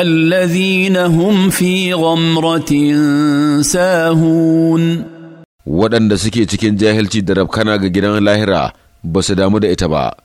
الذين هم في غمرة ساهون waɗanda suke cikin jahilci da rabkana ga gidan lahira ba su damu da ita ba